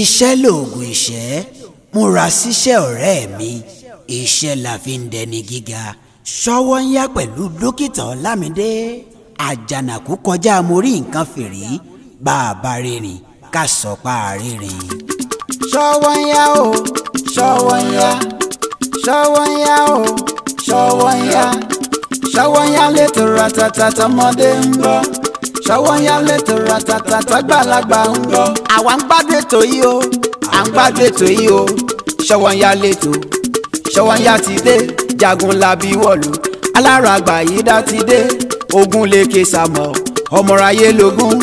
iṣẹ́ lòògùn ìṣẹ́ múra síṣẹ́ ọ̀rẹ́ mi iṣẹ́ la fi ń dẹni gíga ṣọwọ́ ń yá pẹ̀lú dókítà ọlámídé àjànàkú kọjá mo rí nǹkan fìrí bá a bá rìnrìn ká sọ pa àrírìn. ṣọwọ́ ń yá o ṣọwọ́ ń yá ṣọwọ́ ń yá o ṣọwọ́ ń yá ṣọwọ́ ń yá létò ratatata ọmọdé ń bọ̀ ṣọwọ́ yá lẹ́tọ̀ ratata tágbàlagbà ń lọ. àwa ń gbádùn ètò yìí o à ń gbádùn ètò yìí o ṣọwọ́ ya lẹ́tọ̀ ṣọwọ́ yá ti dé Jagunlabi wọ̀lú alára àgbàyídá ti dé Ogunléke Sàámọ̀ ọmọráyé lógún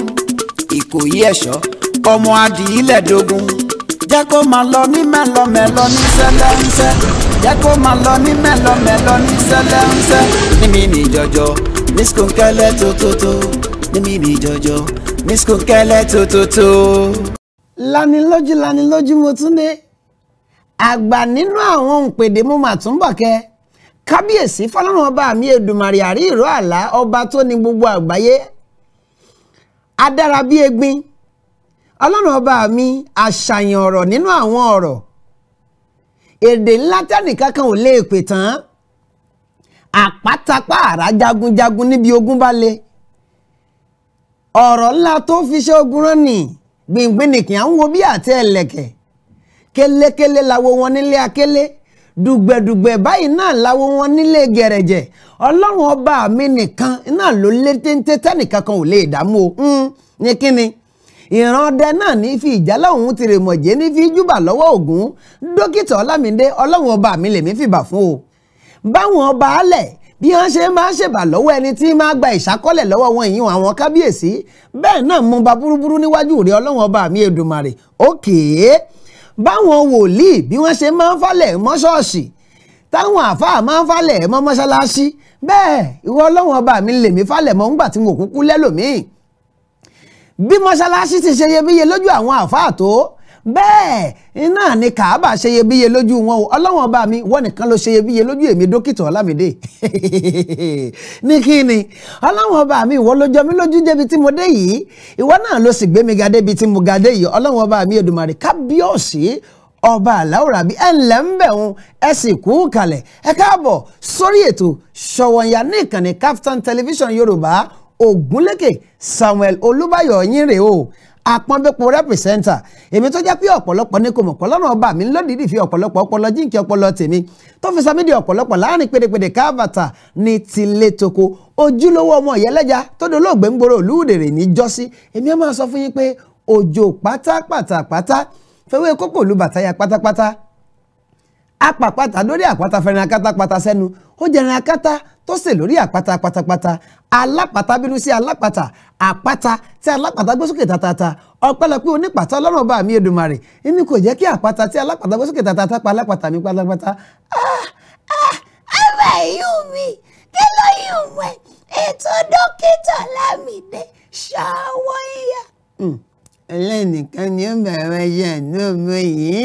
Ìkòyí ẹ̀ṣọ́ ọmọ adìyílẹ̀ dógún jẹ́ kó máa lọ ní mẹ́lọmẹ́lọ ní sẹ́lẹ̀ńsẹ́ jẹ́ kó máa lọ ní mẹ́lọmẹ́lọ ní sẹ́lẹ̀ńsẹ́ níbi ni jọjọ ní skunkẹ́lẹ́ tótótó mímí jọjọ mísíkò kẹlẹ tótótó. lanilójú lanilójú mo tún dé àgbà nínú àwọn òǹpèdè mo mà tún bọ̀ kẹ́ kábíyèsí fọlọ́run ọba mi èdùmàrè àrí ìró àlá ọba tó ní gbogbo àgbáyé adára bí egbin ọlọ́run ọba mi àṣàyàn ọ̀rọ̀ nínú àwọn ọ̀rọ̀ èdè ńlá tẹ́nìkan kan ò lè pè tán àpátápá àrà jagunjagun níbi ogun bá le ọ̀rọ̀ ńlá tó fi ṣe ogun rán ni gbìngbìn nìkì à ń wo bí àti ẹlẹ́kẹ̀ kélékélé lawo wọn nílé akélé dùgbẹ̀dùgbẹ̀ báyìí náà lawo wọn nílé gẹ̀rẹ̀jẹ̀ ọlọ́run ọba mi nìkan náà ló lé téńté tẹ́nìkan kan ò lè dààmú o hmm, ní kíni ìran ọdẹ náà ní fi ìjálá òun ti rè mọ̀jẹ́ ní fi júbà lọ́wọ́ ògún dókítà ọlámídé ọlọ́run ọba mi lèmi fìbà fún o báwọn ọba alẹ̀ bí wọ́n ṣe máa ṣèbà lọ́wọ́ ẹni tí máa gba ìṣákọ́lẹ̀ lọ́wọ́ wọn ìyún àwọn kábíyèsí bẹ́ẹ̀ náà mo ba búrúburú níwájú rẹ ọlọ́wọ́n ọba mi Èdùmàrè òkè báwọn wòlíì bí wọ́n ṣe máa ń falẹ̀ mọ́ táwọn àáfàá máa ń falẹ̀ mọ́ mọ́ṣáláṣí bẹ́ẹ̀ ìwọ ọlọ́wọ́n ọba mi lèmi falẹ̀ mọ́ ńgbà tí mo kúkú lẹ́lòmíì bí mọ́ṣáláṣí ti ṣe iyebíye lójú àwọn àáfàá tó bẹ́ẹ̀ iná ni kàábà ṣe iyebíye lójú wọn o ọlọ́wọ́n bá mi wọ́n nìkan ló ṣe iyebíye lójú èmi dókítà ọlámídé ní kí ni ọlọ́wọ́n bá mi ìwọ ló jọ mí lójú débi tí mo dé yìí ìwọ náà ló sì gbé mi ga débi tí mo ga dé yìí ọlọ́wọ́n bá mi Èdùmàrè kábíyọ̀sí ọba àláwòrán bíi ẹnlẹ ń bẹ̀ wọn ẹ sì kú kalẹ̀ ẹ káàbọ̀ sórí ètò ṣọwọ́nyà ní ìkànnì Kaftan television yorùbá ògúnlékè samuel olúbáyọ̀ yín rèé o àpọ́nbẹ́pọ̀ rẹ́pìsẹ́ńtà èmi tó jẹ́ pé ọ̀pọ̀lọpọ̀ ní kò mọ̀ pọ̀ lọ́nà ọba mi lónìí fi ọ̀pọ̀lọpọ̀ ọpọlọ jíǹkì ọpọlọ tèmi tó fi samídì ọ̀pọ̀lọpọ̀ láàrin pédepéde káàbàtà ní tilé toko ojúlówó ọmọ ìyẹlẹ́ja tó dolóògbé ń gbòòrò olúwòdèrè ní jọ́sí èmi á máa sọ fún yín pé òjò pátápátápátá fẹ́wé kókò olùbàtà ya pátápátá apàpàtà lórí àpáta ó jẹran akátá tó sè lórí àpáta pátápátá alápàtà bínú sí alápàtà àpáta tí alápàtà gbé sókè tatata ọpẹ́lọpẹ́ onípàtà Ọlọ́run ọba mi Èdùmàrè inú kò jẹ́ kí àpáta tí alápàtà gbé sókè tatata pa alápàtà mi pátápátá. ara ah, ah, ìyú mi kí ló yùn wẹ ètò dókítà Lámìdé ṣàwọ ìyá. Hmm, ẹlẹ́nìkan ni ó bẹ̀rẹ̀ yẹ ní òun yìí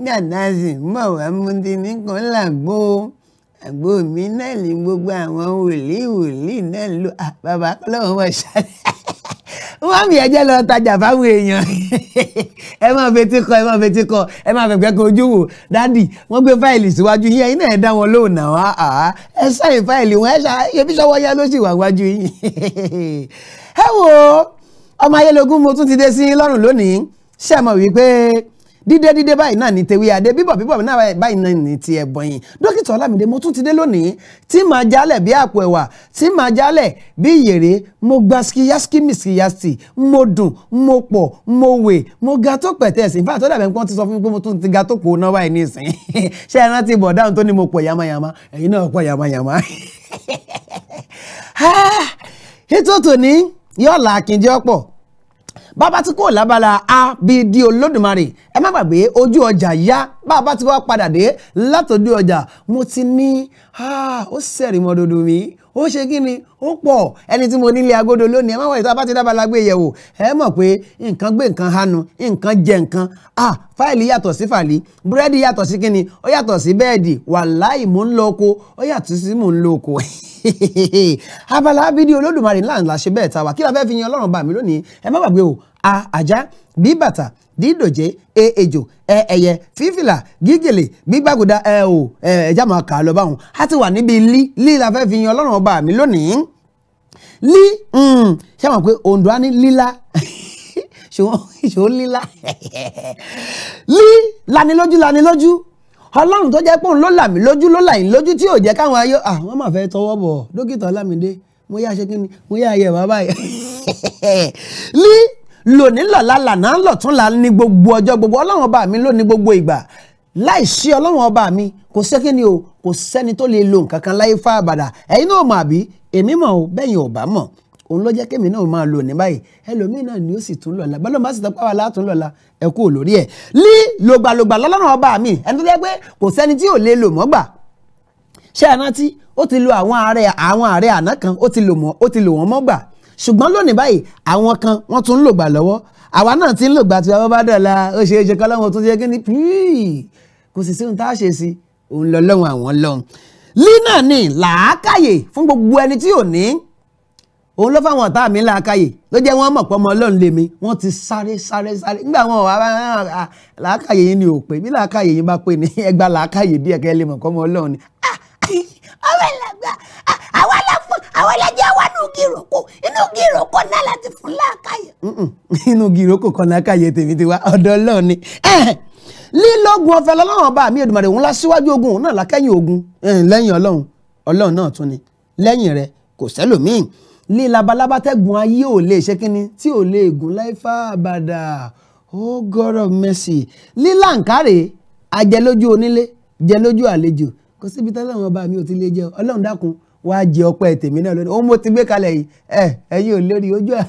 gbàdá sí mọ̀wá múndínní kó làgbó àgbo mi náà ní gbogbo àwọn wòlíì wòlíì náà ló ah, bàbá kọ́lọ́wọ́ mọ̀ ṣáájú wọ́n mi ẹ̀jẹ̀ lọ tajà fáwọn èèyàn ẹ máa fetí kọ ẹ máa fetí kọ ẹ máa fẹ̀gbẹ́ kan ojú wò dádì wọ́n gbé fáìlì síwájú yín ẹ̀yin náà ẹ̀ dá wọn lóhùn náà wá ah, àá ah, ẹ sáyìn fáìlì wọn ẹ ṣá ebi sọwọ́ yá ló sì wà wájú yín ẹ wo ọmọ ayélujára mo tún ti dé sí lọ́rùn lónìí ṣé ẹ mọ̀ wípé dídé dídé báyìí náà ní tewé adé bíbọ̀ bíbọ̀ náà báyìí náà ní ti Ẹ̀bọ̀nyì dókítà Ọlámídé mo tún ti dé lónìí tí màá jálẹ̀ bí àpò ẹ̀wà tí màá jálẹ̀ bí ìyèrè mo gba skiyaski miskiyasti mo dùn mo pọ̀ mo wè mo ga tó pẹ̀tẹ́ ẹ̀sìn fún àtọ́dà bẹ́ẹ̀ pọ́n ti sọ fún mi pé mo tún ti ga tó pò náà báyìí nísìn ṣé ẹ rántí bọ̀ dáhùn tó ní mo pọ̀ yamayama ẹ̀yin náà pọ̀ yamayama ètò tòní yọ̀ọ̀la akíndé ọ̀pọ̀ bàbá tí kò lábala a bí di olódùmarè ẹ má gbàgbé ojú ọjà yá bá a bá ti wá padà dé látòdú ọjà mo ti ní ó sẹ̀rì mọ́ dodo mi ó ṣe kí ni ó pọ̀ ẹni tí mo nílé agodo lónìí ẹ má wọ̀ ìta bá ti dábàá lágbé e yẹ̀wò ẹ mọ̀ pé nǹkan gbé nǹkan hanu nǹkan jẹ nǹkan ah fáìlì yàtọ̀ sí fàlì búrẹ́dì yàtọ̀ sí kí ni ó yàtọ̀ sí bẹ́ẹ̀dì wàláì mò ń lọ oko ó yàtọ̀ sí mò ń lọ oko abala abidi olódùmarè ńlá ńlá ṣe bẹ́ẹ̀ ta wà kí la fẹ́ fi yan ọlọ́run bá mi lónìí ẹ má gbàgbé o a ajá bí bàtà dídòjé e ejò ẹ e ẹyẹ fífìlà gígèlè gbígbàgùdà ẹ ò ẹ ẹjá máa kà á lọ báwọn a ti wà níbi lí lí la fẹ́ fi yan ọlọ́run ọba mi lónìí lí mm, ṣé wọn pé ondo á ní lílá ṣòwò lílá lí lanilójú lanilójú ọlọ́run tó jẹ́ pé òun ló là mí lójú ló là yín lójú tí ò jẹ́ káwọn ayọ́ àwọn ah, máa fẹ́ tọwọ́ bọ̀ dókítà ọlámídé mo yá ṣe mo yá ayẹ bàbá lí lòní lọ́la lànà lọ́túnla ní gbogbo ọjọ́ gbogbo ọlọ́run ọba mi ló ní gbogbo ìgbà láì sí ọlọ́run ọba mi kò sẹ́kìnì o kò sẹ́ni tó lè lo nǹkan kan láyé fá àbàdà ẹ̀yin náà mọ̀ àbí èmi mọ̀ o bẹ́yìn ò bá mọ̀ òun ló jẹ́ kémi náà máa lò ní báyìí ẹlòmíì náà ni ó sì tún lọ́la bọ́lá bá sì tọ́ pàwọ́ látún lọ́la ẹ kú lórí ẹ̀ lí lògbàlògbà lọ́lọ́run ọba mi ẹni tó jẹ́ pé kò sẹ́ni tí ò lè lò mọ́ gbà ṣé ẹ rántí ó ti lo àwọn ààrẹ àwọn ààrẹ àná kan ó ti lò wọ́n mọ́ gbà ṣùgbọ́n lónìí báyìí àwọn kan wọ́n tún ń lògbà lọ́wọ́ àwa náà ti ń lògbà tí wọ́n bá dọ̀la ó ṣe é ṣe kọ́ lọ́wọ́ tó ti yẹ kí ni kò sì sí ohun tá a ṣe sí òun lọ lọ́wọ́ àwọn lọ́hùn. lina ni làákàyè fún gbogbo ẹni tí ò ní òun ló fáwọn ọ̀tá mi làákàyè ló jẹ́ wọ́n mọ̀ pé ọmọ ọlọ́run lèmi wọ́n ti sáré sáré sáré nígbà wọn wà ah, ah, làákàyè yín ni ò pé bí làákàyè yín bá pé ni ẹgbà làákàyè díẹ̀ kẹ́ lè mọ̀ pé ọmọ ọlọ́run ni. àwọn ẹlẹgbẹ́ àwọn ẹlẹgbẹ́ àwọn ẹlẹ́jẹ̀ wà nù gíròkò inú gíròkò náà láti fún láàkàyè. inú gíròkò kan láàkàyè tèmi ti wá ọ̀dọ̀ Ọlọ́run ni lílọ́gun ọ̀fẹ́ lọ́lọ́run ọba mi Èdùmàrè ńlá síwájú ogun òun náà lákẹ́yìn ogun lẹ́yìn Ọlọ́run Ọlọ́run náà tún ni lẹ́yìn rẹ̀ kò sẹ́lòmíì lé labalábá tẹ́gun ayé ò lè ṣe kínní tí ò lè gùn láìfá àbàdà oh God of mercy lílà nkárè ajẹlójú onílé jẹlójú àlejò kò síbi tẹ́lẹ̀ wọn ọba mi ò ti lè jẹ Ọlọ́run dákun wá jẹ ọpẹ́ tèmi náà lónìí òun mo ti gbé kalẹ̀ yìí ẹ ẹ̀yin ò lórí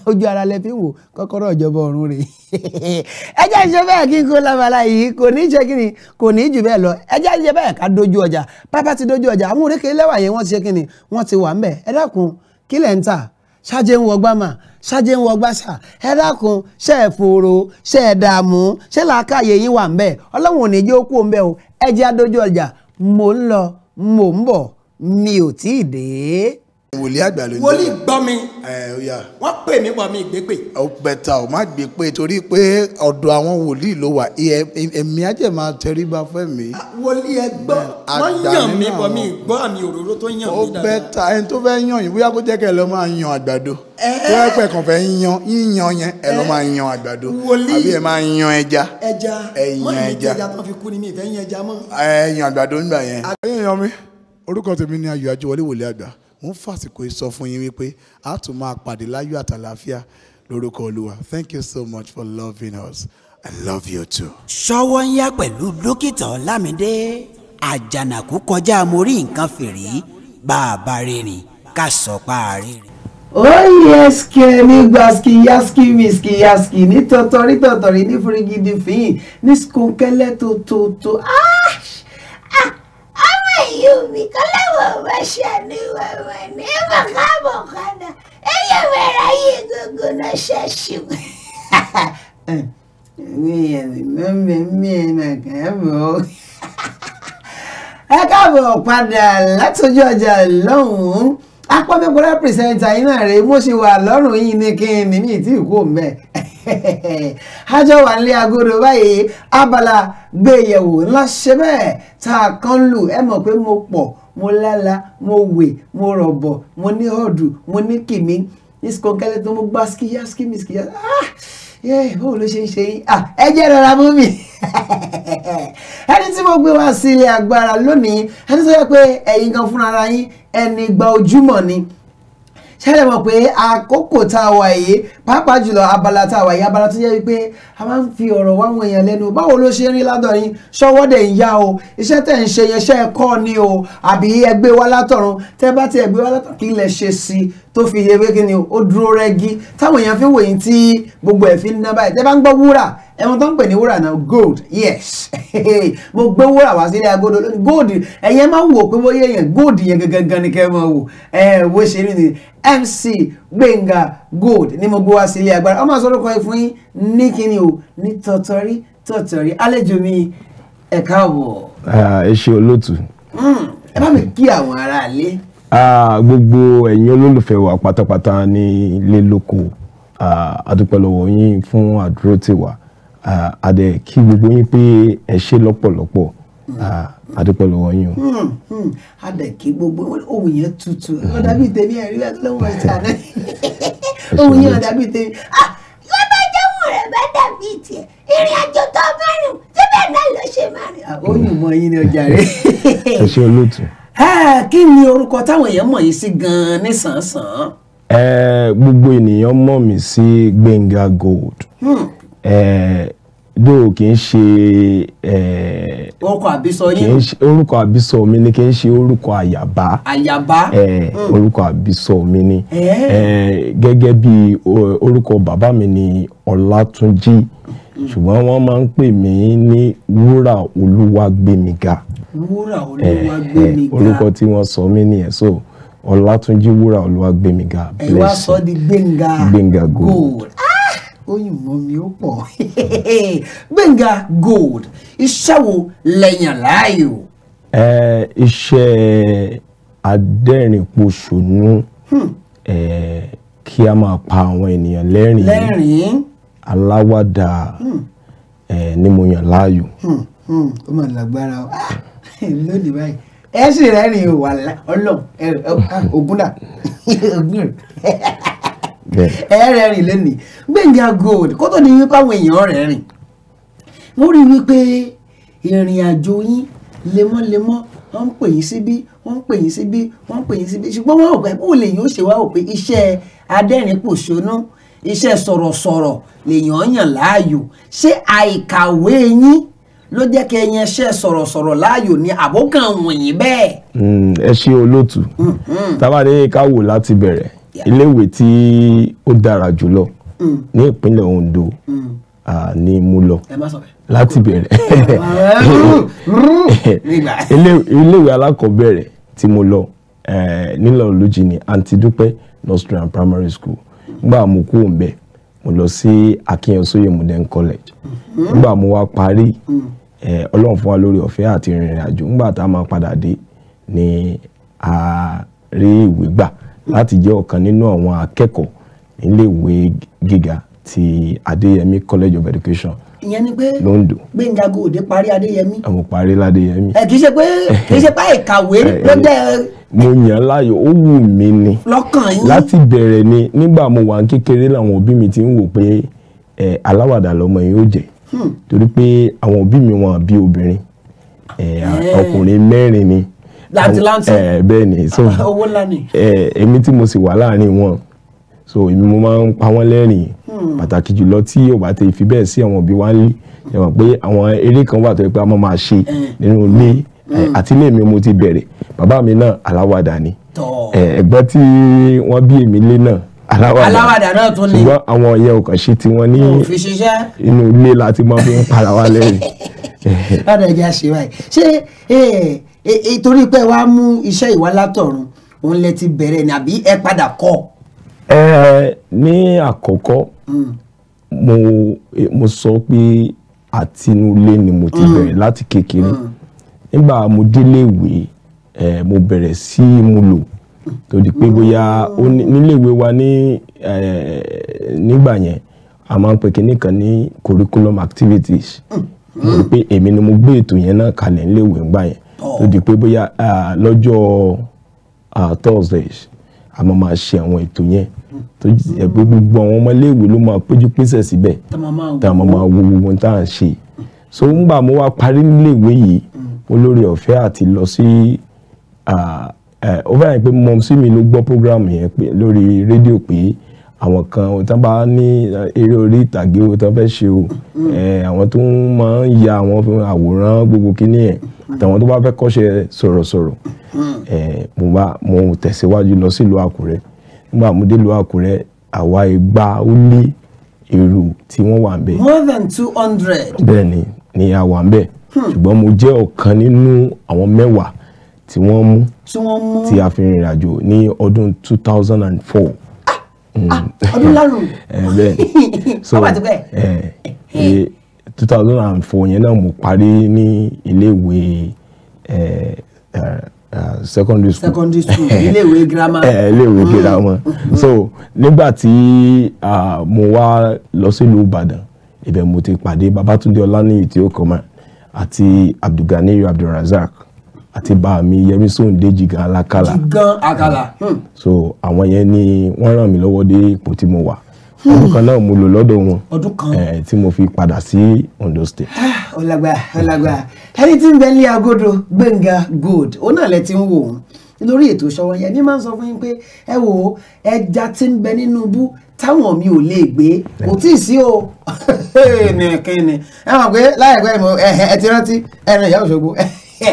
ojú ara lẹ fi ń wò kọ́kọ́rọ́ ìjọba ọ̀run rè ẹ jẹ́ ìṣe bẹ́ẹ̀ kí n kó lábala yìí kò ní í ṣe kíni kò ní í jù bẹ́ẹ̀ lọ ẹ jẹ́ ìṣe bẹ́ẹ̀ ká dojú ọjà pápá ti dojú ọjà àwọn òrékè lẹ́wà yẹn wọ́n ti ṣe kíni wọ́n ti wà ń bẹ̀ ẹ dákun kí lẹ̀ ń tà ṣáájé ń wọgbá mà ṣáájé ń wọgbá ṣà ẹ dákun ṣe é fòrò ṣe é dààmú ṣe làákàyè yín wà ń bẹ̀ ọlọ́run ò ní jẹ́ ó kú ń bẹ̀ o ẹ adójú ọjà mò ń lọ mò ń bọ̀ mi ò tí ì dé. wòlíì àgbà ló ń jẹ́ wòlíì gbọ́ mi wọ́n pè mí wọ́n mi gbé pè. ó bẹ̀tà ó má gbé pè torí pé ọ̀dọ̀ àwọn wòlíì ló wà èmi á jẹ̀ máa tẹríba fẹ́ mi. Ah, wòlíì ẹ gbọ́ wọ́n yàn mí wọ́n mi gbọ́ àmì òróró tó yàn mí dáadáa. ó bẹ̀tà ẹni tó fẹ́ yàn yín bóyá kó jẹ́ kẹ́ ẹ lọ máa yan àgbàdo tó ẹ pẹ̀ kàn fẹ́ yan yíyan yẹn ẹ lọ máa yan àgbàdo àbí ẹ máa yan ẹja ẹja mọ́ mi ìfẹ́ yan ẹja mọ́. ẹ yan àgbàdo nígbà mi orúkọ tèmi ni ayọ̀ ajíwọlé wòlíì àgbà mo fàsìkò sọ fún yín wípé a tún máa pàdé láyọ̀ àtàlàáfíà lórúkọ olúwa thank you so much for loving us i love you too. ṣọwọ́ ń yá pẹ̀lú dókítà ọlámídé àjànàkú kọjá mo nǹkan fèrè bá rìnrìn ká sọ pa àárín. ó ní gbaski yaski whisky yaski ní tọ̀tọ̀rí tọ̀tọ̀rí ní fúrigidi fìyìn ní skunkẹ́lẹ́ tó tó tó. Ah! Ayubi kalawa mashani wawa nema kama kana eya mera yigogo na shashi mi mi mi makabo ẹ káàbọ̀ padà látọjú ọjà lọ́hùn-ún apọ́nbẹ́pọ́ rẹ́pìrìsẹ́ńtà iná rẹ̀ mo ṣe wà lọ́rùn yìí ní kí n ní mi tí mẹ́ ájọ wà nílé agodo báyìí abala gbéyẹ̀wò ńlá ṣe bẹ́ẹ̀ tá a kan lù ẹ mọ̀ pé mo pọ̀ mo lála mo wè mo rọ̀bọ̀ mo ní ọ̀dù mo ní kìmí ní skọ̀ǹkẹ́lẹ́ tó mo gbá skiyaskimiskiya ah bó ló ṣe ń ṣe yín ẹ jẹ́ rọra mú mi ẹni tí mo gbé wá sí ilé agbára lónìí ẹni tó yẹ pé ẹ̀yin gan fúnra ara yín ẹni gba ojúmọ́ ni ṣẹlẹ̀ mọ̀ pé àkókò tá a wà yìí pàápàá jùlọ abala tá a wà yìí abala tó jẹ́ wípé a máa ń fi ọ̀rọ̀ wá àwọn èèyàn lẹ́nu báwo ló ṣe ń rí ládọ̀rin ṣọwọ́dẹ̀ ń yá o iṣẹ́ tẹ̀ ń ṣe yẹn ṣẹ́ ẹ̀kọ́ ni o àbí ẹgbẹ́ wa látọ̀run tẹ́ bá ti ẹgbẹ́ wa látọ̀run kí lẹ ṣe sí i tó fi yẹ pé kí ni ó dúró rẹ́gí táwọn èèyàn fi ń wòye tí gbogbo ẹ̀ fi ń ná báyìí tẹ́ ń gbọ́ wúrà ẹ̀wọ̀n tó ń pè ní wúrà náà gold yes mo gbé wúrà wá sílé agodo lónìí gold ẹ̀yẹ́ máa ń wò pé bóyá èèyàn gold yẹn gangan ni kẹ́ ẹ máa wò ẹ̀ wo ṣe rí ni MC Gbẹ̀ngà Gold ni mo gbé wá sílé agbára ọmọ àsọdún kan fún yín ní kíni o ní tọ̀tọ̀rí tọ̀tọ̀rí àlejò mi ẹ káàbọ̀. Ah, ẹ ṣe olóòtú. Hmm, ẹ bá mi kí àwọn aráalé. Ah, gbogbo ẹ̀yin olólùfẹ́ wa pátápátá ní ilé lóko adúpẹ́ ah, lọ́wọ́ yín fún àdúró tiwa ah, àdẹ kí gbogbo yín pé ẹ ṣe lọ́pọ̀lọpọ̀ àdúpẹ́ hmm. lọ́wọ́ yín o. àdẹ hmm, hmm. kí gbogbo ohun yẹn tutù ọ̀dà bíi tèmi ẹ̀rí wá lọ́wọ́ ìta náà ohun yẹn ọ̀dà bíi tèmi lọ́bàjẹ́wò rẹ̀ bá dàbí tiẹ̀ ìrìn àjò tó mẹ́rin síbẹ̀ náà ló ṣe máa rìn. àbóyún mọ́ yín ni ọjà rẹ̀. ẹ ṣe olóòtú kí ni orúkọ táwọn èèyàn mọ̀ yìí sí gan-an nísànsàn. gbogbo ènìyàn mọ̀ mí sí Gbénga Gold dó hmm. kì í ṣe. orúkọ àbísọ yín. orúkọ àbísọ mi ni kì í ṣe orúkọ àyàbá. àyàbá. Hmm. orúkọ àbísọ mi ni. gẹ́gẹ́ bí orúkọ bàbá mi ni Ọlátúnjí hmm. ṣùgbọ́n wọ́n máa ń pè mí ní Wúrà Olúwàgbémiga wúrà eh, olúwagbémiga eh, orúkọ tí wọ́n sọ mí nìyẹn so ọlátúnjí wúrà olúwagbémiga bless you ẹ wá sọ di gbẹngà gbẹngà gold òyìnbó ah! mi ó pọ̀ gbẹngà gold iṣẹ́ wo lẹ́yìn láàyò. ẹ iṣẹ́ adẹ́rìnpòṣónú hmm. kí a máa pa àwọn ènìyàn lẹ́rìn-ín aláwàdà hmm. ni mo yàn láàyò. Hmm, ó mà lágbára o. Ah! lónìí báyìí ẹ sì rẹ́rìn wà ọlọ́run ah, ògúnlà ẹ rẹ́rìn lónìí Gbenga Gold kó tó di wípé àwọn èèyàn rẹ́rìn wọ́n rí wípé ìrìn àjò yín lemọ́lemọ́ wọ́n ń pè yín síbí wọ́n ń pè yín síbí wọ́n ń pè yín síbí ṣùgbọ́n wọ́n ò pẹ́ bó lè yín ó ṣe wá ò pé iṣẹ́ adẹ́rìn-pòṣónú iṣẹ́ sọ̀rọ̀sọ̀rọ̀ lèèyàn yàn láàyò ṣé àìkàwé yín ló jẹ́ kẹ́ yẹn ṣe sọ̀rọ̀sọ̀rọ̀ láàyò ní àbókan wọ̀nyí bẹ́ẹ̀. Mm, ẹ ṣe olóòtú mm-hmm. tábàdé ká wò láti bẹ̀rẹ̀ iléèwé tí ó dára jùlọ mm. ní ìpínlẹ̀ Ondo mm. ni mo lọ láti bẹ̀rẹ̀ iléèwé alákọ̀ọ́bẹ̀rẹ̀ tí mo lọ eh, nílò olójì ní Antidupe Nursery and Primary School gbà mú kúrò ń bẹ́ẹ̀ mo lọ sí akíyanṣóyè modern college mm-hmm. nígbà mo wá parí mm. ọlọ́run fún wa lórí ọ̀fẹ́ àti ìrìnrìn àjò nígbà tá a máa padà dé ni a rí ìwé gbà láti jẹ́ ọ̀kan nínú àwọn akẹ́kọ̀ọ́ níléèwé gíga ti Adéyẹmí College of Education. ìyẹn ni pé London Gbénga Gòdè parí Adéyẹmí. àwọn ah, parí ládéyẹmí. ẹ kì í ṣe pé kì í ṣe pé ìkàwé eh, ló jẹ. Eh, mo yàn láàyò ó wù mí ni. lọ́kàn yín. láti bẹ̀rẹ̀ ni nígbà mo wà kékeré làwọn òbí mi ti ń wò pé ẹ eh, aláwàdà lọmọ yìí ó jẹ hmm. torí pé àwọn òbí mi wọn bí obìnrin ọkùnrin mẹ́rin ni. láti láǹtì. bẹ́ẹ̀ ni so èmi tí mo sì wà láàrin wọn so èmi mo máa ń pa wọ́n lẹ́rìn hmm. pàtàkì jùlọ tí ò bá tẹ fi bẹ́ẹ̀ sí àwọn òbí wa ń lé ẹ mọ̀ pé àwọn eré kan wà tó yẹ pé a máa máa ṣe nínú ilé hmm. àti ilé mi mo ti bẹ̀rẹ̀ bàbá mi náà aláwàdà ni ẹ̀gbọ́n tí wọ́n bí èmi lé náà aláwàdà náà tún ni ṣùgbọ́n àwọn yẹn ò kàn ṣe tí wọ́n ní inú ilé láti máa fi ń para wa lẹ́rìn. ọ̀dọ̀ ìjà ṣe báyìí ṣé torí pé wàá mú iṣẹ́ ìwà òun lẹ ti bẹ̀rẹ̀ ni àbí ẹ padà kọ́ ẹ ní àkọ́kọ́ hmm. mo mo sọ pé àtinúlé ni mo ti hmm. bẹ̀rẹ̀ láti kékeré hmm. nígbà mo déléèwé ẹ mo bẹ̀rẹ̀ sí í mu lò tó di pé bóyá níléèwé wa ní ẹ nígbà yẹn a máa ń pè kinní kan ní curriculum activities mo rí pé èmi ni mo gbé ètò yẹn náà kalẹ̀ níléèwé ńgbà yẹn oh. tó di pé bóyá lọ́jọ́ Thursdays a máa máa ṣe àwọn ètò yẹn tó jẹ́ pé gbogbo àwọn ọmọléèwé ló máa péjú pésẹ̀ síbẹ̀ tá a máa máa wo gbogbo tá à ń ṣe so ńgbà mo wá parí níléèwé yìí olórí ọ̀fẹ́ àti lọ sí ó fẹ́ràn pé mọ̀ sí mi ló gbọ́ program yẹn lórí rédíò pé àwọn kan ò tán bá ní eré orí ìtàgé ò tán fẹ́ ṣe o àwọn tó máa ń ya àwọn àwòrán gbogbo kíní ẹ̀ tàwọn tó bá fẹ́ kọ́ṣẹ́ sọ̀rọ̀sọ̀rọ̀ hmm. mo tẹ̀síwájú lọ sílùú Àkúrẹ́ nígbà mo dé ìlú Àkúrẹ́ àwa igba ó lé èrò tí wọ́n wà ń bẹ̀. more than two hundred. bẹ́ẹ̀ni ni a wà ń bẹ̀ hmm. ṣùgbọ́n mo jẹ́ ọ̀kan nínú àwọn mẹ́wàá tí wọ́n mú tí a fi rìnrìn àjò ní ọdún two thousand and four. Hmm. Ah, ọdún lárùn. Eh, bẹ́ẹ̀ni so eh, eh, two thousand and four yẹn náà mo parí ní iléèwé Uh, secondary school secondary school iléèwé girama eh, iléèwé mm. grammar. Mm. so nígbà tí uh, mo wá lọ sílùú Ìbàdàn ibẹ̀ mo ti pàdé Babátúndé Ọláníyì tí ó kọ́mà àti Abdulganiyu Abdulrazak àti bàmí Yẹmí Sóǹdé Jìgàn Alákàlà Jìgàn Àkàlà hmm. so àwọn yẹn ni wọ́n ràn mí lọ́wọ́ dé ipò tí mo wà ọdún kan hmm. náà mo lò lọ́dọ̀ wọn ọdún kan eh, tí mo fi padà sí Ondo State. Ah, ọ̀làgbà ọ̀làgbà ẹni tí ń bẹ ní agodo Gbẹ̀ngà Gold òun náà lẹ ti ń wò wọn nítorí ètò ìṣọwọ́ yẹn ní máa ń sọ fún yín pé ẹ wò ó ẹja tí ń bẹ nínú bú táwọn mi ò lè gbé kò tí ì sí o nìkìnnì ẹ mọ̀ pé láìpẹ́ ìmọ̀ ẹ ti rántí ẹran ìyá Òṣogbo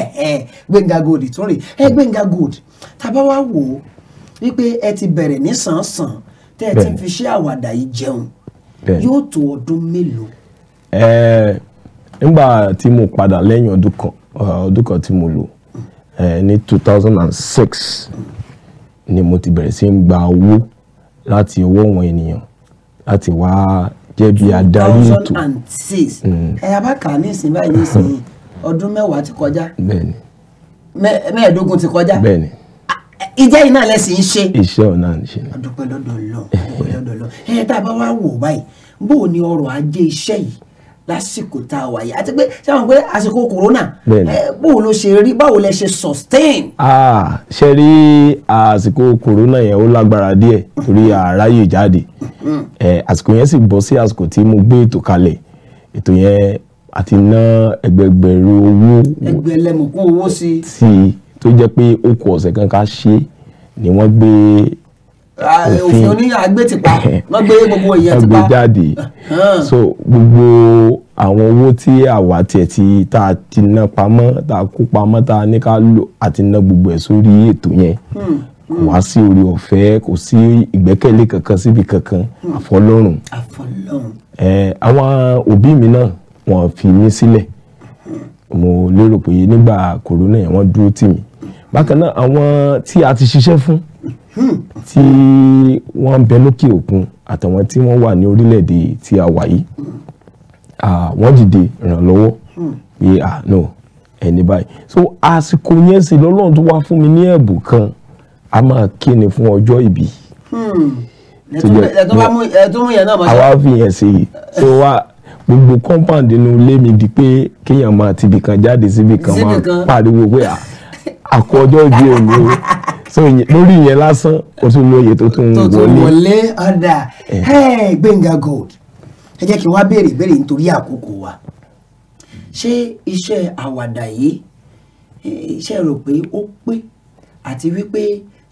Gbẹ̀ngà Gold ìtúnrì ẹ Gbẹ̀ngà Gold tàbá wá wò wípé ẹ ti bẹ̀rẹ̀ nísànsàn tẹ́ ẹ ti fi ṣe àwàdà yìí jẹun yóò tó ọdún mélòó. ẹẹ nígbà tí mo padà lẹ́yìn ọdún kan uh, ọdún kan tí mo lò ní two thousand and six ni mo ti bẹ̀rẹ̀ sí ń gba owó láti ọwọ́ àwọn ènìyàn láti wá jẹ́ bí adarí ètò. two thousand and six hmm. ẹ̀yà bá kà á ní ìsìn báyìí ní ìsìn ọdún mẹ́wàá ti kọjá mẹ́ẹ̀ẹ́dógún ti kọjá ìjẹ́ iná lẹ sì ń ṣe. iṣẹ́ ọ̀nà ń ṣe. adúpẹ́ lọ́dọ̀ lọ ọ̀pẹ́ lọ́dọ̀ lọ ẹ tá a bá wá wò báyìí bó o ní ọrọ̀ ajé iṣẹ́ yìí lásìkò tá a wà àti pé sáwọn pé àsìkò kòrónà bó ló ṣe rí báwo lẹ ṣe sustain. ṣe rí àsìkò kòrónà yẹn ó lágbára díẹ̀ torí àráyè jáde àsìkò yẹn sì bọ́ sí àsìkò tí mo gbé ètò kalẹ̀ ètò yẹn àti ná ẹgbẹgbẹ̀rún owó. ẹgbẹ̀lẹ́mùkún owó sí. sí i tó jẹ́ pé ó kù ọ̀sẹ̀ kan ká ṣe ni wọ́n gbé ah, òfin àgbẹ̀tìpa wọ́n gbé gbogbo èèyàn tipa wọ́n gbé jáde ah. so gbogbo àwọn owó tí àwa tiẹ̀ ti tá a ti ná pamọ́ tá a kó pamọ́ tá a ní ká lò àti ná gbogbo ẹ̀ sórí ètò yẹn hmm, kò hmm. wá sí orí ọ̀fẹ́ kò sí ìgbẹ́kẹ̀lé kankan síbi kankan hmm. àfọlọ́run àwọn òbí mi náà wọ́n fi mí sílẹ̀ mo lérò pé nígbà kòrónà yẹn wọ́n dúró tì mí bákan náà àwọn tí a ti ṣiṣẹ́ fún hmm. tí wọ́n ń bẹ lókè òkun àtàwọn tí wọ́n wà ní orílẹ̀-èdè tí a wà yìí wọ́n dìde ìrànlọ́wọ́ hmm. pé ah no ẹni báyìí so àsìkò yẹn sì lọ́lọ́run tó wá fún mi ní ẹ̀bùn kan a máa kéne fún ọjọ́ ìbí. Hmm. àwa fi yẹn ṣe yìí so wa gbogbo compound inú ilé mi di pé kéèyàn máa tibì jáde síbì máa pariwo pé ah àkọjọ́ di òní so lórí yẹn lásán o tún lóye tó tún wọlé. tó tún wọlé ọ̀dà Gbénga Gold ẹ jẹ́ kí n wá béèrè ìbéèrè nítorí àkókò wa ṣé iṣẹ́ àwàdà yìí iṣẹ́ rò pé ó pé àti wípé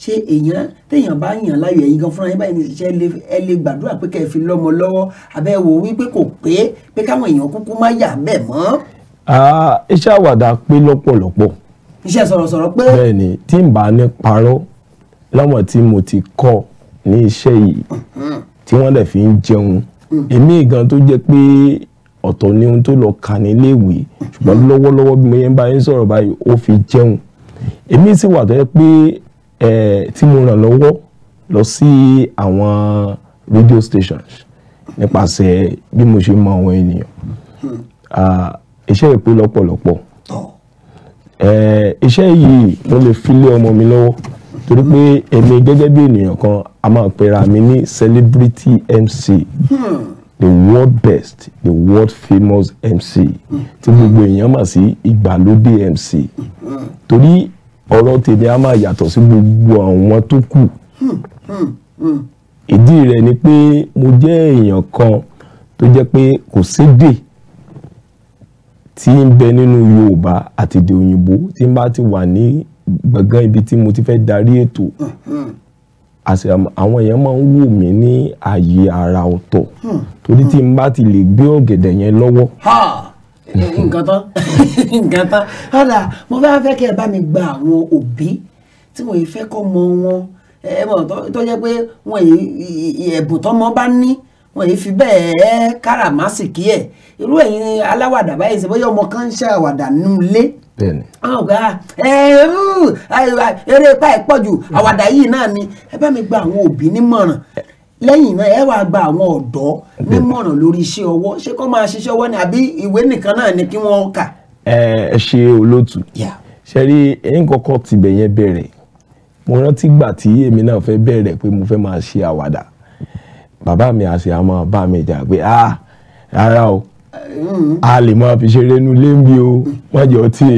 ṣé èèyàn téèyàn bá yàn láyò ẹ̀yin gan fúnra yín báyìí ní ṣe ẹ lè gbàdúrà pé kẹ́ ẹ fi lọ́mọ lọ́wọ́ abẹ́ wípé kò pé pé káwọn èèyàn kúkú má yà bẹ́ẹ̀ mọ́. Ah, iṣẹ́ àwàdà pé lọ́pọ̀lọpọ̀ iṣẹ́ sọ̀rọ̀sọ̀rọ̀ pé. bẹ́ẹ̀ni tí n bá ní parọ́ láwọn tí mo ti kọ́ ní iṣẹ́ yìí mm-hmm. tí wọ́n dẹ̀ fi ń jẹun mm-hmm. èmi gan tó jẹ́ pé ọ̀tọ̀ ni ohun tó lọ kà níléèwé ṣùgbọ́n mm-hmm. lọ́wọ́lọ́wọ́ bí mo yẹn bá yín sọ̀rọ̀ báyìí ó fi jẹun èmi sì wà tó yẹ pé tí mo ràn lọ́wọ́ lọ sí àwọn radio stations nípasẹ̀ bí mo ṣe mọ àwọn ènìyàn iṣẹ́ ìpè lọ́pọ̀lọpọ̀. Eh, iṣẹ́ yìí mo lè fi lé ọmọ mi lọ́wọ́ torí pé èmi gẹ́gẹ́ bí ènìyàn kan a máa pera mi ní celebrity MC the world best the world famous MC tí gbogbo èèyàn mà sí ìgbàlódé MC torí ọ̀rọ̀ tèmi a máa yàtọ̀ sí gbogbo àwọn tó kù ìdí rẹ̀ ni pé mo jẹ́ èèyàn kan tó jẹ́ pé kò sédè tí ń bẹ nínú Yorùbá àti èdè òyìnbó tí n bá ti wà ní gbọ̀ngàn ibi tí mo ti fẹ́ darí ètò àwọn èèyàn máa ń wò mí ní ààyè àrà ọ̀tọ̀ torí tí n bá ti lè gbé ọ̀gẹ̀dẹ̀ yẹn lọ́wọ́. nǹkan tán nǹkan tán ọ̀dà mo fẹ́ fẹ́ kí ẹ bá mi gba àwọn òbí tí wọ́n fẹ́ kọ́ mọ wọn ẹ̀mọ̀ tó jẹ́ pé wọ́n yìí ẹ̀bùn tọ́mọ bá ní wọ́n yìí fi bẹ́ẹ̀ káràmásìkí ẹ̀ irú ẹ̀yin aláwàdà báyìí ṣe bóyá ọmọ kan ń ṣe àwàdà nínú ilé àwọn ọ̀gá eré ipá ẹ̀ pọ̀ jù àwàdà yìí náà ni ẹ bá mi gba àwọn òbí nímọ̀ràn lẹ́yìn náà ẹ wá gba àwọn ọ̀dọ́ nímọ̀ràn lórí iṣẹ́ ọwọ́ ṣé kó máa ṣiṣẹ́ ọwọ́ ni àbí ìwé nìkan náà ni kí wọ́n kà. ẹ ṣe olóòtú ṣe rí ẹ̀yin kọ́kọ́ tibẹ̀ yẹn bẹ̀rẹ̀ mo rántí gbà tí èmi náà fẹ́ bẹ̀rẹ̀ pé mo fẹ́ máa ṣe àwàdà bàbá mi àṣẹ àmọ́ bá mi jà pé ah rárá o a lè máa fi ṣeré nu léńbi o wọ́n jọ tí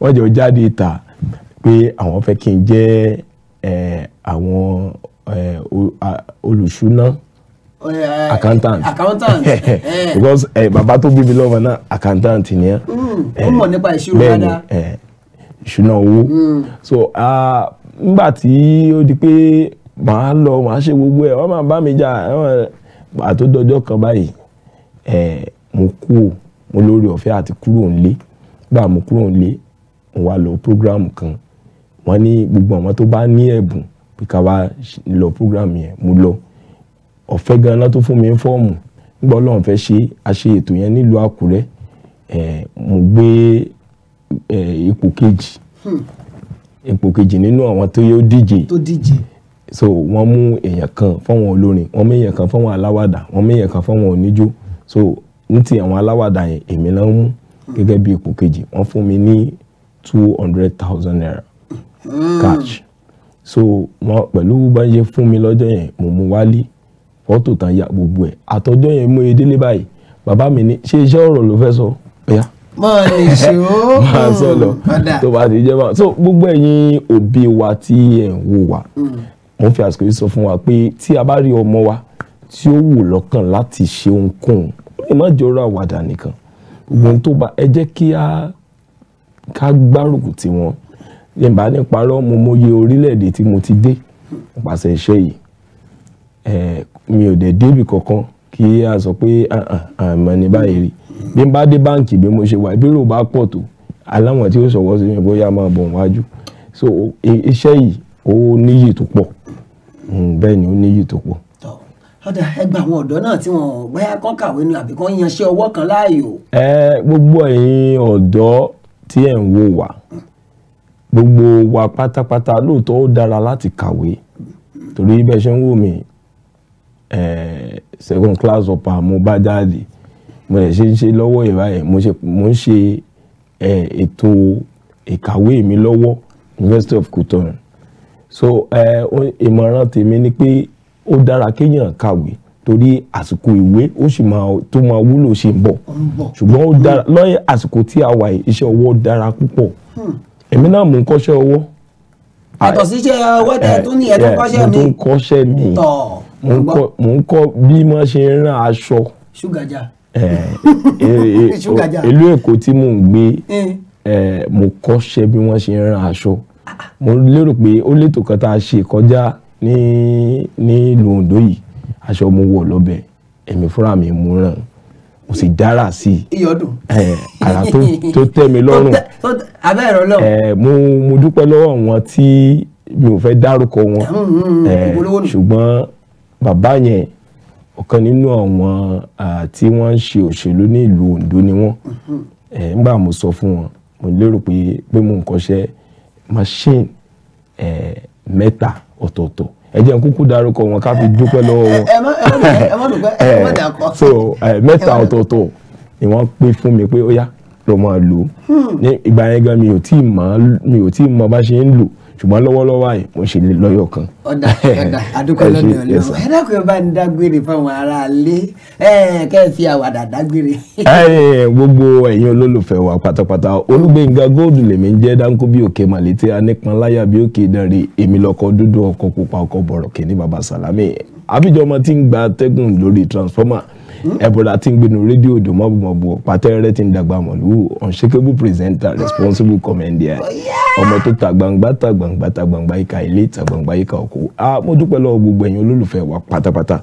wọ́n jọ jáde ìta pé àwọn fẹ́ kí n jẹ́ àwọn olùṣúná accountant accountant because bàbá tó bí mi lọ́wọ́ náà accountant ni ẹ́ hmm, ó mọ̀ nípa ìṣirò dáadáa ìṣúná owó hmm. so nígbà tí ó di pé màá lọ màá ṣe gbogbo ẹ̀ wọ́n máa bá mi jà àtòdọ́jọ́ kan báyìí mo kúrò mo lórí ọ̀fẹ́ àti kúrò nílé gbà mo kúrò nílé mo wá lọ program kan wọ́n ní gbogbo àwọn tó bá ní ẹ̀bùn pé ká wá lọ program yẹn mo lọ ọ̀fẹ́ ganan tó fún mi ń fọ́ọ̀mù nígbà Ọlọ́run fẹ́ ṣe àṣe ètò yẹn nílùú Àkúrẹ́ mo gbé ipò kejì hmm. ipò kejì nínú àwọn tó yóò díje so wọ́n mú èèyàn kan fáwọn olórin wọ́n mú èèyàn kan fáwọn aláwàdà wọ́n mú èèyàn kan fáwọn oníjó so ní ti àwọn aláwàdà yẹn èmi náà mú gẹ́gẹ́ bí ipò kejì wọ́n fún mi ní two hundred thousand naira cash so wọn pẹ̀lú bá ń ṣe fún mi lọ́jọ́ yẹn mo mú wálé fọ́tò tán ya gbogbo ẹ̀ àtọ́jọ́ yẹn mú e délé báyìí bàbá mi ní ṣé iṣẹ́ ọ̀rọ̀ ló fẹ́ sọ ọ̀yá. máa lè ṣe máa sọ lọ tó bá ti jẹ́ báwọn so gbogbo ẹ̀yin òbí wa tí ẹ̀ ń wò wá mo mm. fi àsìkò yìí sọ fún wa pé tí a bá rí ọmọ wa tí ó wù lọ́kàn láti ṣe ohunkóhun ẹ má jọ̀rọ̀ àwàdà nìkan ohun tó bá ẹ jẹ́ kí a ká gbárùkù tí wọn ẹ bá ní parọ́ mo mọyì orílẹ̀-èdè tí mo ti dé nípasẹ̀ iṣẹ́ yìí mi ò dẹ̀ débì kankan kí a sọ pé àmọ́ ní báyìí rí bí n bá dé báǹkì bí mo ṣe wà bí rò bá pọ̀ tó aláwọ̀n tí ó sọ̀wọ́ sí mi bóyá máa bọ̀ wájú so iṣẹ́ yìí ó níyì tó pọ̀ hmm, bẹ́ẹ̀ ni ó níyì tó pọ̀ ọ̀dà ẹgbà àwọn ọ̀dọ́ náà tí wọ́n bóyá kán kàwé ni àbí kán yanṣẹ́ ọwọ́ kan láàyò. ẹ gbogbo ẹ̀yin ọ̀dọ́ tí ẹ ń wò wá gbogbo wa pátápátá lóòótọ́ ó dára láti kàwé torí bẹ́ẹ̀ ṣe ń wò mí second class upper mo bá jáde mo lè ṣe ṣe lọ́wọ́ ìwà ẹ̀ mo ń ṣe ètò ìkàwé mi lọ́wọ́ University of Cotonou so ìmọ̀ràn tèmi ni pé ó dára kéèyàn kàwé torí àsìkò ìwé ó sì máa tó máa wúlò ṣe ń bọ̀ ṣùgbọ́n ó dára lọ́yẹ̀ àsìkò tí a wà iṣẹ́ ọwọ́ dára púpọ̀ hmm. èmi náà mò ń kọ́ṣẹ́ ọwọ́. yàtọ̀ sí iṣẹ́ ọwọ́ tẹ̀ eh, tún ní ẹ̀tọ́ eh, kọ́ṣẹ́ mi. mo tún kọ́ṣẹ́ mi mo ń kọ́ bí wọ́n ṣe ń rán aṣọ. ṣúgàjà. Eh, ìlú Èkó tí mò ń gbé mo kọ́ṣẹ́ bí wọ́n ṣe ń rán aṣọ mo lérò pé ó létò kan tá ṣe kọjá ní ní ìlú Ondo yìí aṣọ mo wọ̀ lọ́bẹ̀ èmi fúnra mi mú ràn mo sì dára sí i. iyọdún. ara tó tẹ́ mi lọ́rùn. abẹ́ ẹ̀rọ lọ. mo mo dúpẹ́ lọ́wọ́ wọn tí mi ò fẹ́ dárúkọ wọn mm, mm, mm, ṣùgbọ́n bàbá yẹn ọ̀kan nínú àwọn tí wọ́n ń ṣe òṣèlú ní ìlú Ondo ni wọ́n nígbà mm-hmm. mo sọ fún wọn mo lérò pé pé mo ń kọ́ṣẹ́ machine mẹ́ta. Eh, ọ̀tọ̀ọ̀tọ̀ ẹ kúkú dárúkọ wọn ká dúpẹ́ lọ́wọ́ wọn. ẹ má dúpẹ́ ẹ má dàkọ. so mẹ́ta ọ̀tọ̀ọ̀tọ̀ ni wọ́n pè fún mi pé ó yá lọ́ máa lò ó hmm. ní ìgbà yẹn gan mi ò tí ì mọ̀ bá ṣe ń lò ó ṣùgbọ́n lọ́wọ́lọ́wọ́ àyè mo ṣe lè lọ́yọ̀ kan. ọ̀dà ọ̀dà àdúgbò lọ́dọ̀ ọ̀lẹ́ ẹ dákun ẹ bá ń dágbére fáwọn aráalé kẹ́ ẹ fi àwàdà dágbére. gbogbo ẹ̀yin olólùfẹ́ wa pátápátá Olúgbénga Gold lèmi ń jẹ́ dáńkó bí òkè màlété anípanláyà bí òkè ìdánrè èmi lọ́kọ dúdú ọkọ pupa ọkọ bọ̀rọ̀ kìíní baba Salami àbíjọ ọmọ tí ń gba atẹ́gùn lórí transformer ẹ̀bùrà hmm? tí ń gbénu rédíò dùn mọ́bùmọ́bù pàtẹ́rẹ́ tí ń dàgbà mọ̀lú unshakable presenter responsible comedian. Oh, ọmọ tó ta gbangba ta gbangba ta gbangba ìka ilé ta gbangba ìka oko ah mo dúpẹ́ lọ́wọ́ gbogbo ẹ̀yin olólùfẹ́ wa pátápátá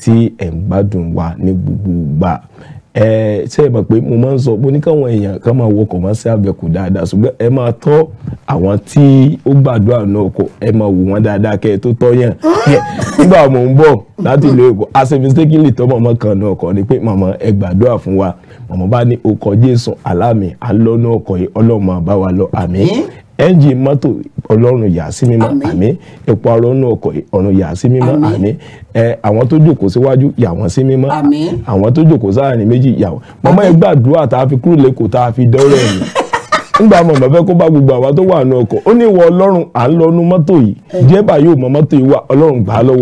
tí ẹ̀ ń gbádùn wa ní gbogbo gbà ẹ ṣe mọ̀ pé mo máa ń sọ mo ní káwọn èèyàn kan máa wọ commercial vehicle dáadáa ṣùgbọ́n ẹ máa tọ́ àwọn tí ó gbàdúrà náà kọ ẹ máa wò wọ́n dáadáa kẹ́ ẹ tó tọ́ yàn nígbà mò ń bọ̀ láti ìlú èkó àṣemistakenly tọ́ màmá kan náà kọ ni pé màmá ẹ gbàdúrà fún wa màmá bá ní ọkọ̀ jésù alámì alọ́nà ọkọ̀ yìí ọlọ́mọ bá wa ẹ́ńjìn mọ́tò ọlọ́run yà sí mímọ́ àmín ọkọ̀ ọ̀run yà sí mímọ́ àwọn tó síwájú yà wọ́n sí mímọ́ àwọn tó sáàrin méjì yà wọ́n ẹ gbàdúrà tá a fi kúrò lẹ́kọ̀ọ́ tá a fi dọ́rọ̀ ẹ̀yìn mọ̀mọ́ fẹ́ kó bá gbogbo wà nù ọkọ̀ ó ní ọlọ́run à ń lọ́nu mọ́tò yìí yóò mọ mọ́tò yìí wà ọlọ́run gbà lọ.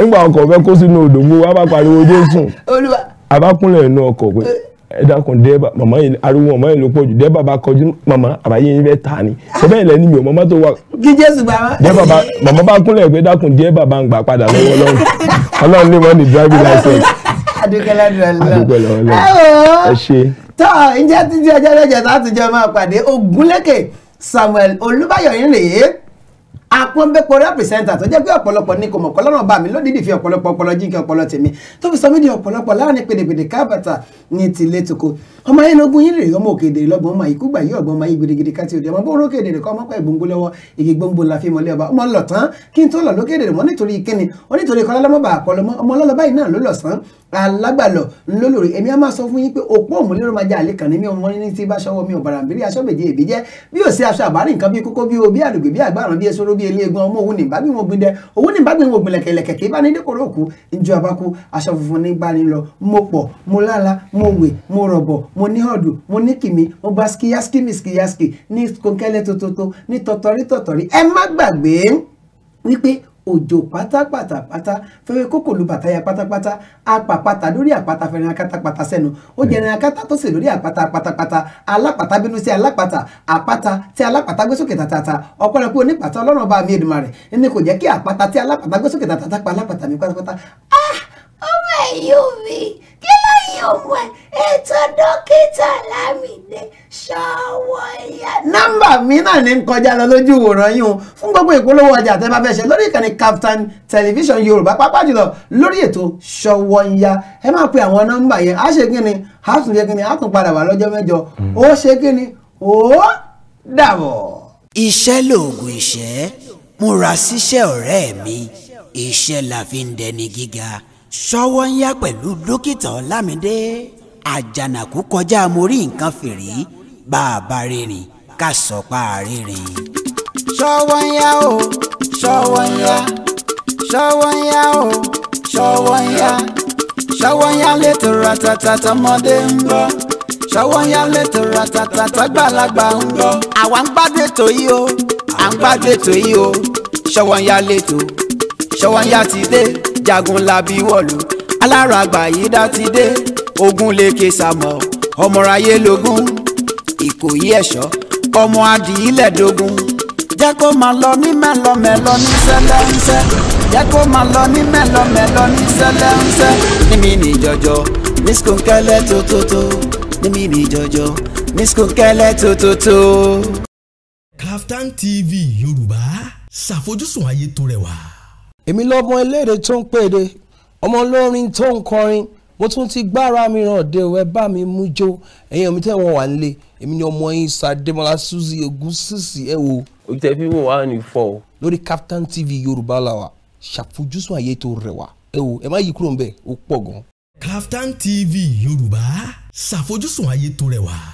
nígbà ọkọ̀ fẹ́ kó sínú odò gbogbo wa bá pariwo Jésù abákúnlẹ̀ inú ọkọ̀ pé ẹ dákun dẹ́ẹ̀bà màmá yìí ariwo màmá yìí ló pọ̀ jù dẹ́ẹ̀bà bá kọjú màmá àbáyé yín bẹ́ẹ̀ ta ni ṣẹ́bẹ́ ilẹ̀ ni mi ò màmá tó wà. kí Jésù gbà wá. dẹ́ẹ̀bà bá màmá bá kúnlẹ̀ pé dákun dẹ́ẹ̀bà bá ń gbà padà lọ́wọ́ lọ́rùn ọlọ́run ní wọ́n ní driving license. adúgbẹ́lẹ́ adúgbẹ́lẹ́ ẹ ṣe. tọ́ ǹjẹ́ títí ọjọ́ lẹ́jọ́ láti jọ máa pàdé Ògúnlékè Samuel Olúbáyọ̀ yín rèé àpọ́nbẹ́pọ̀ rẹ́pìsẹ́ńtà tó jẹ́ pé ọ̀pọ̀lọpọ̀ ní kò mọ̀ kọ́lọ́rọ̀ bá mi lódìdí fi ọ̀pọ̀lọpọ̀ ọpọlọ jíǹkẹ́ ọpọlọ tèmi tó fi sọ mí di ọ̀pọ̀lọpọ̀ láàrin pèdèpèdè kábàtà ní tilé toko ọmọ ayé lógún yín rèé ọmọ òkèdè lọ́gbọ̀n ọmọ ayé kúgbà yìí ọ̀gbọ̀n ọmọ ayé gidigidi káti òde ọmọ bó ró kéde nìkan ọmọ pẹ́ gbòǹgbò lọ́wọ́ igi gbòǹgbò la fi mọ̀lẹ́ ọba ọmọ lọ̀tán kí n tó lọ lókèdè wọn nítorí kíni wọn kọ́lá lọ́mọba àpọ̀lọmọ ọmọ ọlọ́lọ́ba yìí náà ló lọ̀sán alágbàlọ̀ ńlọlọrin èmi á máa sọ fún yín pé òpó òmùlérò máa jẹ àlékàn ní mi ọmọ ní tí bá ṣọwọ́ mi ọ̀bàrà bírí aṣọ méje èbí jẹ́ bí ò sí aṣọ àbárí nǹkan bí kókó bí obí àdùgbò bí àgbàràn bí esoro bí eléegun ọmọ òun ní bábí wọn gbìndẹ òun ní bábí wọn gbìnlẹ̀ kẹlẹ̀kẹ̀ kí bá ní dẹ́kọ̀rọ̀ òkú njọ abaku aṣọ funfun ní bá lọ mo pọ̀ mo lála mo wè mo rọ̀bọ̀ mo ní ọ̀dù mo ní kìmí mo bá skiyaski ní kókẹ́lẹ́ tótótó ní tọ̀tọ̀rí tọ̀tọ̀rí ẹ má gbàgbé wípé òjò pátápátá pátá fẹ́rẹ́ kókò lu bàtà ya pátápátá apàpàtà lórí àpáta fẹ́rẹ́ akátapàtà sẹ́nu ó jẹrẹ akátá tó sì lórí àpáta pátápátá alápàtà bínú sí alápàtà àpáta tí alápàtà gbé sókè tàtàtà ọpẹ́lọpẹ́ onípàtà ọlọ́run bá mi Èdùmàrè ẹni kò jẹ́ kí àpáta tí alápàtà gbé sókè tàtàtà pa alápàtà mi pátápátá ah ọmọ ẹ̀yọ́ mi kí lẹ́yìn ọ̀pọ̀ ètò dókítà Lámìdé Ṣọwọ́nyá. nọ́mbà mi náà ní kọjá lọ lójú ìwòran yín o fún gbogbo ìpolówó ọjà tẹ́ bá fẹ́ ṣe lórí ìkànnì Kaftan television Yorùbá pápá jùlọ lórí ètò Ṣọwọ́nyá ẹ máa pe àwọn nọ́mbà yẹn á ṣe kíni á tún ṣe kíni á tún padà wá lọ́jọ́ mẹ́jọ hmm. ó ṣe kíni ó dàbọ̀. iṣẹ́ lóògùn ìṣẹ́ múra síṣẹ́ ọ̀rẹ́ mi iṣẹ́ la fi ń dẹni gíga ṣọwọ́ ń yá pẹ̀lú dókítà ọlámídé àjànàkú kọjá mo rí nǹkan fìrí bá a bá rìnrìn ká sọ pa àrìnrìn. ṣọwọ́ ń yá o ṣọwọ́ ń yá ṣọwọ́ ń yá o ṣọwọ́ ń yá ṣọwọ́ ń yá létò ratata tọmọdé ń gbọ́ ṣọwọ́ ń yá létò ratata tọgbàlagbà ń gbọ́. àwa ń gbádùn ètò yìí o à ń gbádùn ètò yìí o ṣọwọ́ ń yá létò ṣọwọ́ ń yá ti dé jagun labi wọ̀lú alára àgbàyídá ti dé ogun lèkè sàmọ̀ ọmọráyé lógún ìkòyí ẹ̀ṣọ́ ọmọ adìyílẹ̀ dógún jẹ́ kó máa lọ ní mẹ́lọmẹ́lọ ní sẹ́lẹ̀ńsẹ́ jẹ́ kó máa lọ ní mẹ́lọmẹ́lọ ní sẹ́lẹ̀ńsẹ́ níbi ní jọjọ ní skunkẹ́lẹ́ tótótó níbi ní jọjọ ní skunkẹ́lẹ́ tótótó. Kaftan TV Yorùbá ṣàfojúsùn ayé tó rẹwà èmi lọ́mọ eléèrè tó ń pèdè ọmọ olórin tó ń kọrin mo tún ti gbára mi ràn dé ẹ bá mi mú jó ẹ̀yin omi tẹ́ wọ́n wà nílé èmi ni ọmọ yín Ṣadémọ́lá Suzy Ògúnsìsì ẹ wo. o tẹ fi wo wa ni lórí Kaftan TV Yorùbá la wa ṣàfojúsùn àyè tó rẹwà ẹ wo ẹ má yí kúrò ń bẹ ó pọ̀ gan. Kaftan TV Yorùbá ṣàfojúsùn àyè tó rẹwà.